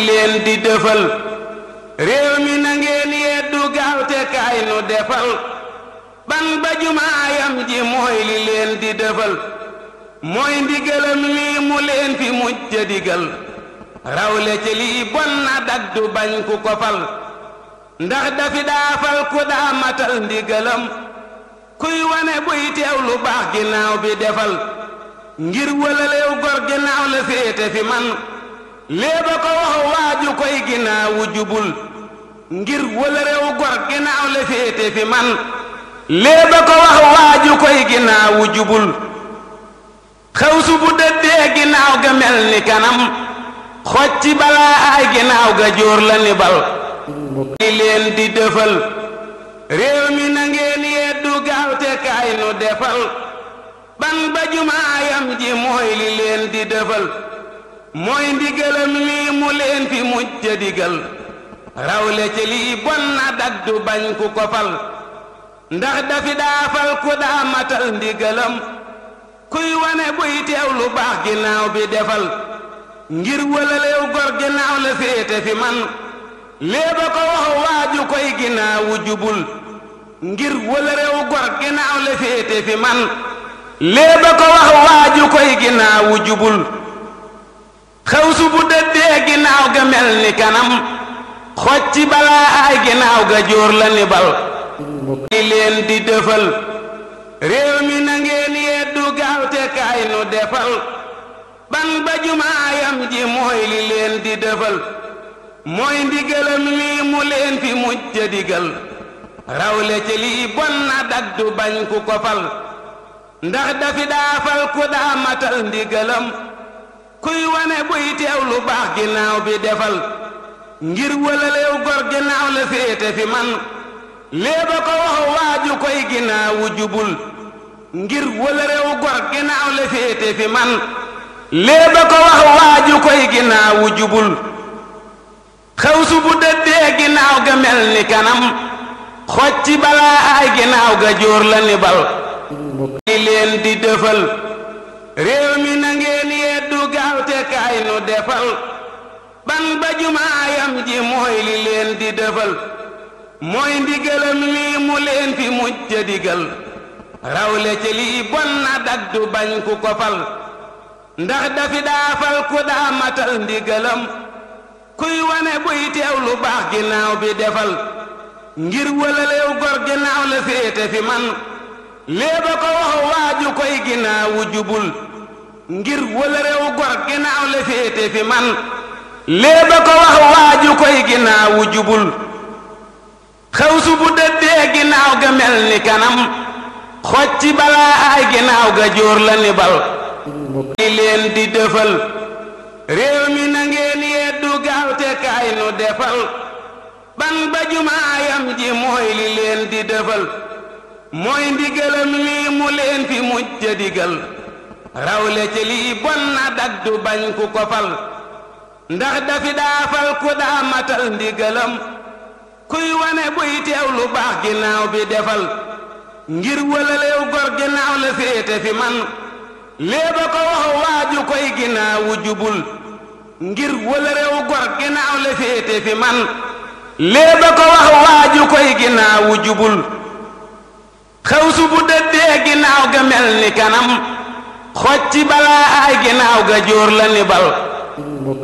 ngi réew mi na yeddu gaawte kaay defal ban ba jumaayam ji mooy li leen di dëfal mooy ndigalam lii mu leen fi mujj digal rawle ci lii bon na dagdu bañ ku ko fal ndax dafi daa fal ku daa matal ndigalam kuy wane buy teew lu baax ginnaaw bi defal ngir wëlaleew gor ginnaaw la féete fi man lée ba ko wax waaju koy ginnaawu jubul ngir wala réew gor ginnaaw la féete fi man lée ba ko wax waaju koy ginnaawu jubul xaw su dëddee ginnaaw ga mel ni kanam xocci balaa ay ginnaaw ga jóor la ni leen di defal réew mi na yeddu gaaw te defal ban ba jumaayam ji mooy leen di defal mooy ndigalam lii mu leen fi mujj digal rawle ci lii bon na dag bañ ku ko fal ndax dafi daafal ku daa matal kuy wane buy teew lu baax ginnaaw bi defal ngir wëlaleew gor ginnaaw la féete fi man léeba ko wax waaju koy ginnaawu jubul ngir wëlërewu gor ginnaaw la féete fi man léeba ko wax waaju koy ginnaawu jubul xawsu bu dëddee ginnaaw ga mel ni kanam xoj ci balaa ay ginnaaw ga jóor la nibal ni leen di defal réew mi na yeddu gaaw te defal ban ba jumaayam ji mooy li leen di defal mooy ndigalam lii mu leen fi mujj digal rawle ci lii bon na dagdu bañ ku ko fal ndax dafi daafal ku daa matal ndigalam kuy wane buy teew lu baax ginnaaw bi defal ngir wëlaleew gor ginnaaw la féete fi man léeba ko wax waaju koy ginnaawu jubul ngir wëlaleew gor ginnaaw la féete fi man léeba ko wax waaju koy ginnaawu jubul xew su bu dëddee ginnaaw ga mel ni kanam xocci balaa ay ginnaaw ga jóor la ni bal mm. leen di dëfal réew mi nange gaaw te defal ban ba jumaayam ji mooy li leen di defal mooy ndigalam lii mu leen fi mujj digal rawle ci lii bon na daddu bañ ku ko fal ndax dafi daa fal ku daa matal ndigalam kuy wane buy teew lu baax ginnaaw bi defal ngir wëlaleew gor ginnaaw la féete fi man léeba ko wax waaju koy ginnaawu jubul ngir wala réewu gor ginnaaw la féete fi man léeba ko wax waaju koy ginnaawu jubul xaw su bu dëddee ginnaaw ga mel ni kanam xocci balaa ay ginnaaw ga jóor la ni bal leen di defal réew mi na yeddu gaaw te defal ban ba jumaayam ji mooy li leen di defal mooy ndigalam lii mu leen fi mujj digal rawle ci lii bon na dag bañ ku ko fal ndax dafi daa fal ku daa matal kuy wane buy teew lu baax ginnaaw bi defal ngir wëlaleew gor ginnaaw la féete fi man léeba ko wax waaju koy ginnaawu jubul ngir wëlaleew gor ginnaaw la féete fi man léeba ko wax waaju koy ginnaawu jubul xawsu bu dëddee ginnaaw ga mel ni kanam xocci balaa ay ginaaw ga jóor la ni bal